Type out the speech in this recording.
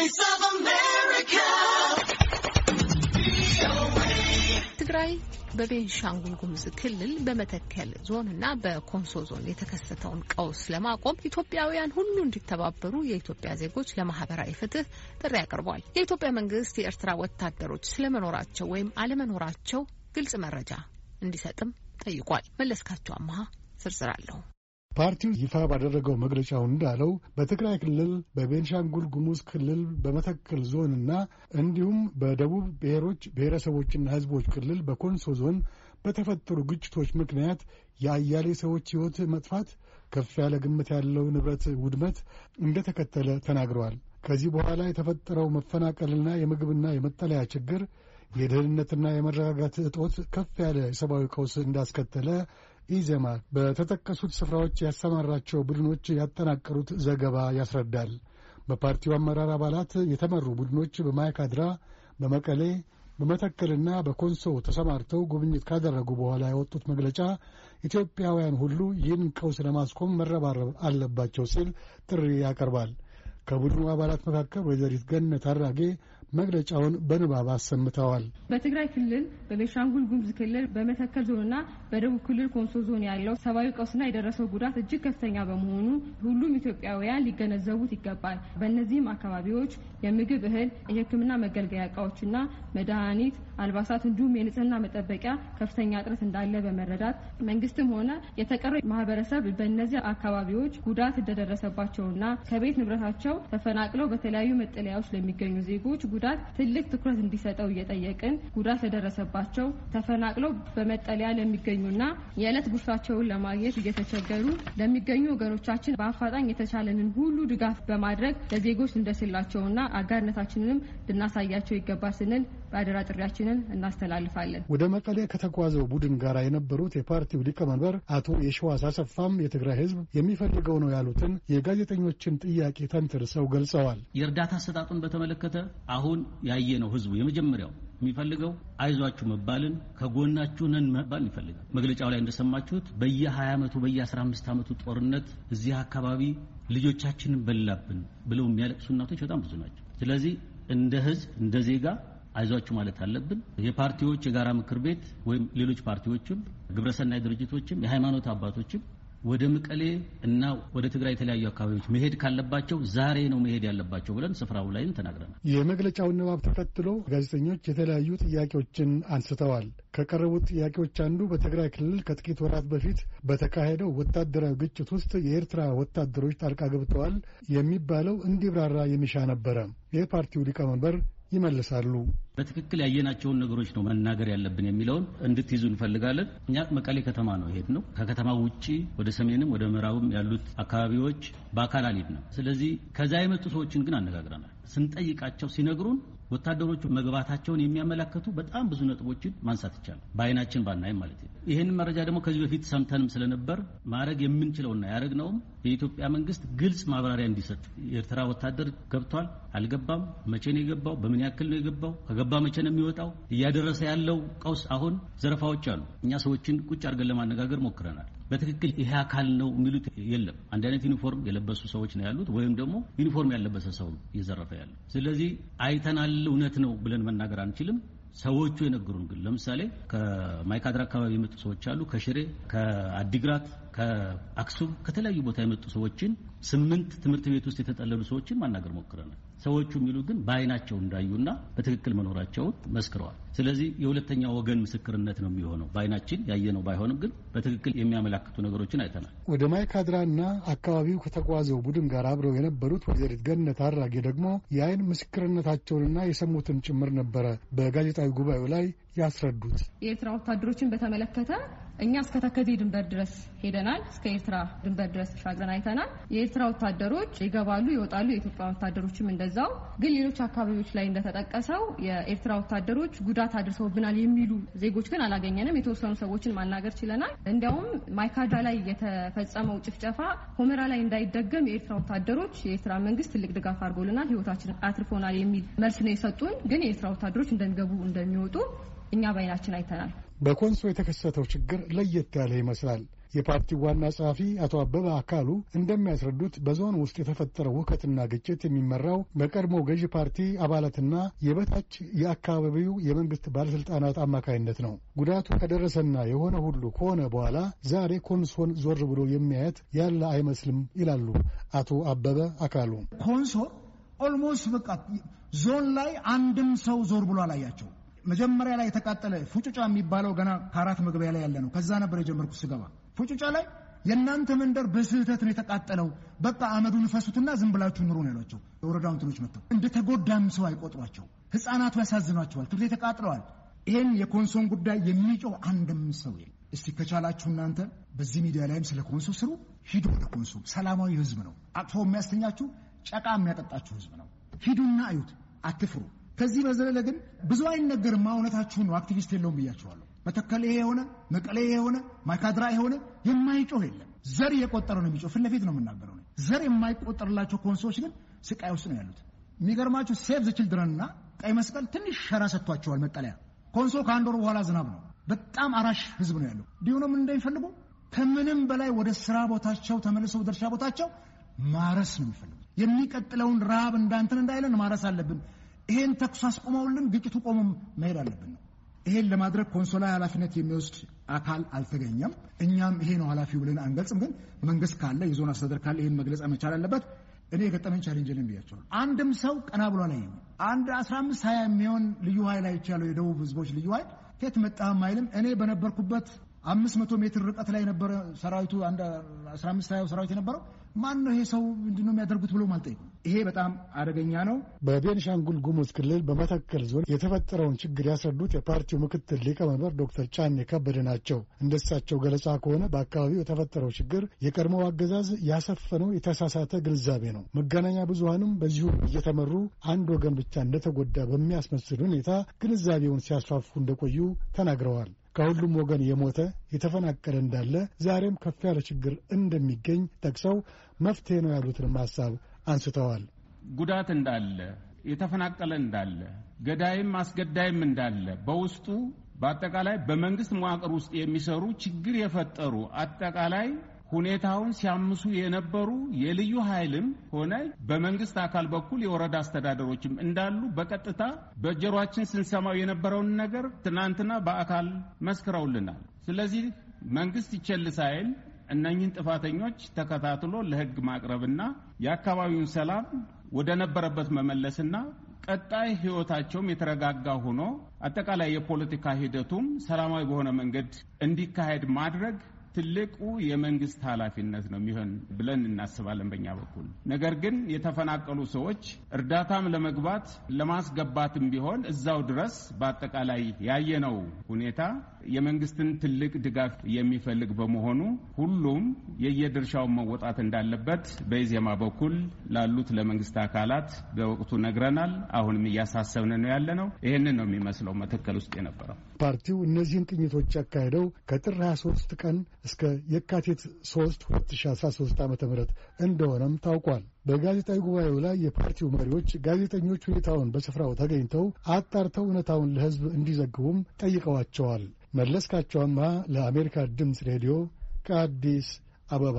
Voice of America. ትግራይ በቤንሻንጉል ጉሙዝ ክልል በመተከል ዞን እና በኮንሶ ዞን የተከሰተውን ቀውስ ለማቆም ኢትዮጵያውያን ሁሉ እንዲተባበሩ የኢትዮጵያ ዜጎች ለማህበራዊ ፍትህ ጥሪ አቅርቧል። የኢትዮጵያ መንግስት የኤርትራ ወታደሮች ስለመኖራቸው ወይም አለመኖራቸው ግልጽ መረጃ እንዲሰጥም ጠይቋል። መለስካቸው አመሀ ዝርዝር አለሁ ፓርቲው ይፋ ባደረገው መግለጫው እንዳለው በትግራይ ክልል፣ በቤንሻንጉል ጉሙዝ ክልል፣ በመተከል ዞንና እንዲሁም በደቡብ ብሔሮች ብሔረሰቦችና ሕዝቦች ክልል በኮንሶ ዞን በተፈጠሩ ግጭቶች ምክንያት የአያሌ ሰዎች ሕይወት መጥፋት፣ ከፍ ያለ ግምት ያለው ንብረት ውድመት እንደተከተለ ተናግረዋል። ከዚህ በኋላ የተፈጠረው መፈናቀልና የምግብና የመጠለያ ችግር የደህንነትና የመረጋጋት እጦት ከፍ ያለ የሰብአዊ ቀውስ እንዳስከተለ ኢዜማ በተጠቀሱት ስፍራዎች ያሰማራቸው ቡድኖች ያጠናቀሩት ዘገባ ያስረዳል። በፓርቲው አመራር አባላት የተመሩ ቡድኖች በማይካድራ፣ በመቀሌ፣ በመተከልና በኮንሶ ተሰማርተው ጉብኝት ካደረጉ በኋላ ያወጡት መግለጫ ኢትዮጵያውያን ሁሉ ይህን ቀውስ ለማስቆም መረባረብ አለባቸው ሲል ጥሪ ያቀርባል። ከቡድኑ አባላት መካከል ወይዘሪት ገነት አራጌ መግለጫውን በንባብ አሰምተዋል። በትግራይ ክልል፣ በቤንሻንጉል ጉሙዝ ክልል፣ በመተከል ዞንና በደቡብ ክልል ኮንሶ ዞን ያለው ሰብአዊ ቀውስና የደረሰው ጉዳት እጅግ ከፍተኛ በመሆኑ ሁሉም ኢትዮጵያውያን ሊገነዘቡት ይገባል። በእነዚህም አካባቢዎች የምግብ እህል፣ የሕክምና መገልገያ እቃዎችና መድኃኒት፣ አልባሳት እንዲሁም የንጽህና መጠበቂያ ከፍተኛ እጥረት እንዳለ በመረዳት መንግስትም ሆነ የተቀረው ማህበረሰብ በእነዚህ አካባቢዎች ጉዳት እንደደረሰባቸውና ከቤት ንብረታቸው ተፈናቅለው በተለያዩ መጠለያዎች ለሚገኙ ዜጎች ጉዳት ትልቅ ትኩረት እንዲሰጠው እየጠየቅን ጉዳት ለደረሰባቸው ተፈናቅለው በመጠለያ ለሚገኙና የዕለት ጉርሳቸውን ለማግኘት እየተቸገሩ ለሚገኙ ወገኖቻችን በአፋጣኝ የተቻለንን ሁሉ ድጋፍ በማድረግ ለዜጎች እንደስላቸውና አጋርነታችንንም ልናሳያቸው ይገባል ስንል በአደራ ጥሪያችንን እናስተላልፋለን። ወደ መቀሌ ከተጓዘው ቡድን ጋር የነበሩት የፓርቲው ሊቀመንበር አቶ የሸዋስ አሰፋም የትግራይ ህዝብ የሚፈልገው ነው ያሉትን የጋዜጠኞችን ጥያቄ ተንትርሰው ገልጸዋል። የእርዳታ አሰጣጡን በተመለከተ አሁን ያየ ነው የመጀመሪያው የሚፈልገው አይዟችሁ መባልን ከጎናችሁ ነን መባልን ይፈልጋል። መግለጫው ላይ እንደሰማችሁት በየ20 ዓመቱ በየ15 ዓመቱ ጦርነት እዚህ አካባቢ ልጆቻችንን በላብን ብለው የሚያለቅሱ እናቶች በጣም ብዙ ናቸው። ስለዚህ እንደ ህዝብ እንደ ዜጋ አይዟችሁ ማለት አለብን። የፓርቲዎች የጋራ ምክር ቤት ወይም ሌሎች ፓርቲዎችም ግብረሰናይ ድርጅቶችም የሃይማኖት አባቶችም ወደ መቀሌ እና ወደ ትግራይ የተለያዩ አካባቢዎች መሄድ ካለባቸው ዛሬ ነው መሄድ ያለባቸው ብለን ስፍራው ላይም ተናግረናል። የመግለጫውን ንባብ ተከትሎ ጋዜጠኞች የተለያዩ ጥያቄዎችን አንስተዋል። ከቀረቡት ጥያቄዎች አንዱ በትግራይ ክልል ከጥቂት ወራት በፊት በተካሄደው ወታደራዊ ግጭት ውስጥ የኤርትራ ወታደሮች ጣልቃ ገብተዋል የሚባለው እንዲብራራ የሚሻ ነበረ። የፓርቲው ሊቀመንበር ይመልሳሉ በትክክል ያየናቸውን ነገሮች ነው መናገር ያለብን የሚለውን እንድትይዙ እንፈልጋለን። እኛ መቀሌ ከተማ ነው ነው። ከከተማ ውጭ ወደ ሰሜንም ወደ ምዕራብም ያሉት አካባቢዎች በአካል ነው። ስለዚህ ከዛ የመጡ ሰዎችን ግን አነጋግረናል። ስንጠይቃቸው ሲነግሩን ወታደሮቹ መግባታቸውን የሚያመላከቱ በጣም ብዙ ነጥቦችን ማንሳት ይቻላል፣ በአይናችን ባናይም ማለት ነው። ይህንን መረጃ ደግሞ ከዚህ በፊት ሰምተንም ስለነበር ማድረግ የምንችለውና ያደረግነውም የኢትዮጵያ መንግስት ግልጽ ማብራሪያ እንዲሰጥ የኤርትራ ወታደር ገብቷል አልገባም፣ መቼ ነው የገባው፣ በምን ያክል ነው የገባው ገባ መቼ ነው የሚወጣው? እያደረሰ ያለው ቀውስ አሁን ዘረፋዎች አሉ። እኛ ሰዎችን ቁጭ አድርገን ለማነጋገር ሞክረናል። በትክክል ይሄ አካል ነው የሚሉት የለም። አንድ አይነት ዩኒፎርም የለበሱ ሰዎች ነው ያሉት፣ ወይም ደግሞ ዩኒፎርም ያለበሰ ሰው ነው እየዘረፈ ያለ። ስለዚህ አይተናል፣ እውነት ነው ብለን መናገር አንችልም። ሰዎቹ የነገሩን ግን ለምሳሌ ከማይካድራ አካባቢ የመጡ ሰዎች አሉ። ከሽሬ፣ ከአዲግራት፣ ከአክሱም ከተለያዩ ቦታ የመጡ ሰዎችን ስምንት ትምህርት ቤት ውስጥ የተጠለሉ ሰዎችን ማናገር ሞክረናል። ሰዎቹ የሚሉ ግን በአይናቸው እንዳዩና በትክክል መኖራቸውን መስክረዋል። ስለዚህ የሁለተኛ ወገን ምስክርነት ነው የሚሆነው። በአይናችን ያየነው ባይሆንም ግን በትክክል የሚያመላክቱ ነገሮችን አይተናል። ወደ ማይካድራና አካባቢው ከተጓዘው ቡድን ጋር አብረው የነበሩት ወይዘሪት ገነት አራጌ ደግሞ የአይን ምስክርነታቸውንና የሰሙትን ጭምር ነበረ በጋዜጣዊ ጉባኤው ላይ ያስረዱት። የኤርትራ ወታደሮችን በተመለከተ እኛ እስከ ተከዜ ድንበር ድረስ ሄደናል። እስከ ኤርትራ ድንበር ድረስ ተሻግረን አይተናል። የኤርትራ ወታደሮች ይገባሉ፣ ይወጣሉ። የኢትዮጵያ ወታደሮችም እንደዛው። ግን ሌሎች አካባቢዎች ላይ እንደተጠቀሰው የኤርትራ ወታደሮች ጉዳ ጉዳት አድርሰውብናል የሚሉ ዜጎች ግን አላገኘንም። የተወሰኑ ሰዎችን ማናገር ችለናል። እንዲያውም ማይካድራ ላይ የተፈጸመው ጭፍጨፋ ሆመራ ላይ እንዳይደገም የኤርትራ ወታደሮች የኤርትራ መንግስት ትልቅ ድጋፍ አድርጎልናል፣ ህይወታችን አትርፎናል የሚል መልስ ነው የሰጡን። ግን የኤርትራ ወታደሮች እንደሚገቡ እንደሚወጡ እኛ በአይናችን አይተናል። በኮንሶ የተከሰተው ችግር ለየት ያለ ይመስላል። የፓርቲው ዋና ጸሐፊ አቶ አበበ አካሉ እንደሚያስረዱት በዞን ውስጥ የተፈጠረው ውከትና ግጭት የሚመራው በቀድሞ ገዢ ፓርቲ አባላትና የበታች የአካባቢው የመንግስት ባለስልጣናት አማካይነት ነው። ጉዳቱ ከደረሰና የሆነ ሁሉ ከሆነ በኋላ ዛሬ ኮንሶን ዞር ብሎ የሚያየት ያለ አይመስልም ይላሉ አቶ አበበ አካሉ። ኮንሶ ኦልሞስት በቃ ዞን ላይ አንድም ሰው ዞር ብሎ አላያቸው። መጀመሪያ ላይ የተቃጠለ ፉጩጫ የሚባለው ገና ከአራት መግቢያ ላይ ያለ ነው። ከዛ ነበር የጀመርኩት ስገባ ፉጭጫ ላይ የእናንተ መንደር በስህተት ነው የተቃጠለው፣ በቃ አመዱን ፈሱትና ዝም ብላችሁ ኑሩ ነው ያሏቸው። የወረዳው እንትኖች መጥተው እንደ ተጎዳም ሰው አይቆጥሯቸው። ህፃናቱ ያሳዝኗቸዋል። ትምህርት ቤት ተቃጥለዋል። ይህን የኮንሶን ጉዳይ የሚጮው አንድም ሰው የለም። እስቲ ከቻላችሁ እናንተ በዚህ ሚዲያ ላይም ስለ ኮንሶ ስሩ። ሂዱ ወደ ኮንሶ። ሰላማዊ ህዝብ ነው። አቅፎ የሚያስተኛችሁ ጨቃ የሚያጠጣችሁ ህዝብ ነው። ሂዱና አዩት፣ አትፍሩ። ከዚህ በዘለለ ግን ብዙ አይነገርማ። እውነታችሁን ነው። አክቲቪስት የለውም ብያችኋለሁ። መተከል ይሄ የሆነ መቀሌ ይሄ የሆነ ማይካድራ የሆነ የማይጮህ የለም። ዘር እየቆጠረ ነው የሚጮህ። ፊት ለፊት ነው የምናገረው። ዘር የማይቆጠርላቸው ኮንሶዎች ግን ስቃይ ውስጥ ነው ያሉት። የሚገርማቸው ሴቭ ዘ ችልድረንና ቀይ መስቀል ትንሽ ሸራ ሰጥቷቸዋል መጠለያ። ኮንሶ ከአንድ ወር በኋላ ዝናብ ነው። በጣም አራሽ ህዝብ ነው ያለው። ዲሆኖም እንደሚፈልጉ ከምንም በላይ ወደ ስራ ቦታቸው ተመልሰው ወደ ቦታቸው ማረስ ነው የሚፈልጉ የሚቀጥለውን ረሃብ እንዳንትን እንዳይለን ማረስ አለብን። ይሄን ተኩስ አስቆመውልን ግጭቱ ቆሞ መሄድ አለብን ነው ይሄን ለማድረግ ኮንሶላ ኃላፊነት የሚወስድ አካል አልተገኘም። እኛም ይሄ ነው ኃላፊው ብለን አንገልጽም። ግን መንግስት ካለ የዞን አስተዳደር ካለ ይህን መግለጽ መቻል አለበት። እኔ የገጠመኝ ቻሌንጅ ነው ብያቸዋል። አንድም ሰው ቀና ብሎ ላይ አንድ 15 ሀያ የሚሆን ልዩ ኃይል አይቻለሁ። የደቡብ ህዝቦች ልዩ ኃይል ከየት መጣም አይልም። እኔ በነበርኩበት አምስት መቶ ሜትር ርቀት ላይ ነበረ ሰራዊቱ አስራ አምስት ሀያው ሰራዊት የነበረው ማን ነው ይሄ ሰው ምንድነው የሚያደርጉት ብሎ ማልጠ ይሄ በጣም አደገኛ ነው። በቤንሻንጉል ጉሙዝ ክልል በመተከል ዞን የተፈጠረውን ችግር ያስረዱት የፓርቲው ምክትል ሊቀመንበር ዶክተር ጫኔ ከበደ ናቸው። እንደሳቸው ገለጻ ከሆነ በአካባቢው የተፈጠረው ችግር የቀድሞው አገዛዝ ያሰፈነው የተሳሳተ ግንዛቤ ነው። መገናኛ ብዙሀንም በዚሁ እየተመሩ አንድ ወገን ብቻ እንደተጎዳ በሚያስመስል ሁኔታ ግንዛቤውን ሲያስፋፉ እንደቆዩ ተናግረዋል። ከሁሉም ወገን የሞተ የተፈናቀለ እንዳለ ዛሬም ከፍ ያለ ችግር እንደሚገኝ ጠቅሰው መፍትሄ ነው ያሉትንም ሀሳብ አንስተዋል። ጉዳት እንዳለ፣ የተፈናቀለ እንዳለ፣ ገዳይም አስገዳይም እንዳለ በውስጡ በአጠቃላይ በመንግስት መዋቅር ውስጥ የሚሰሩ ችግር የፈጠሩ አጠቃላይ ሁኔታውን ሲያምሱ የነበሩ የልዩ ኃይልም ሆነ በመንግስት አካል በኩል የወረዳ አስተዳደሮችም እንዳሉ በቀጥታ በጀሯችን ስንሰማው የነበረውን ነገር ትናንትና በአካል መስክረውልናል። ስለዚህ መንግስት ይቸል ሳይል እነኝህን ጥፋተኞች ተከታትሎ ለህግ ማቅረብና የአካባቢውን ሰላም ወደ ነበረበት መመለስና ቀጣይ ህይወታቸውም የተረጋጋ ሆኖ አጠቃላይ የፖለቲካ ሂደቱም ሰላማዊ በሆነ መንገድ እንዲካሄድ ማድረግ ትልቁ የመንግስት ኃላፊነት ነው የሚሆን ብለን እናስባለን በእኛ በኩል። ነገር ግን የተፈናቀሉ ሰዎች እርዳታም ለመግባት ለማስገባትም ቢሆን እዛው ድረስ በአጠቃላይ ያየነው ሁኔታ የመንግስትን ትልቅ ድጋፍ የሚፈልግ በመሆኑ ሁሉም የየድርሻውን መወጣት እንዳለበት በኢዜማ በኩል ላሉት ለመንግስት አካላት በወቅቱ ነግረናል። አሁንም እያሳሰብን ነው ያለ ነው። ይህንን ነው የሚመስለው መተከል ውስጥ የነበረው ፓርቲው እነዚህን ቅኝቶች ያካሄደው ከጥር 23 ቀን እስከ የካቲት 3 2013 ዓ ም እንደሆነም ታውቋል። በጋዜጣዊ ጉባኤው ላይ የፓርቲው መሪዎች ጋዜጠኞች ሁኔታውን በስፍራው ተገኝተው አጣርተው እውነታውን ለሕዝብ እንዲዘግቡም ጠይቀዋቸዋል። መለስካቸውማ ለአሜሪካ ድምፅ ሬዲዮ ከአዲስ አበባ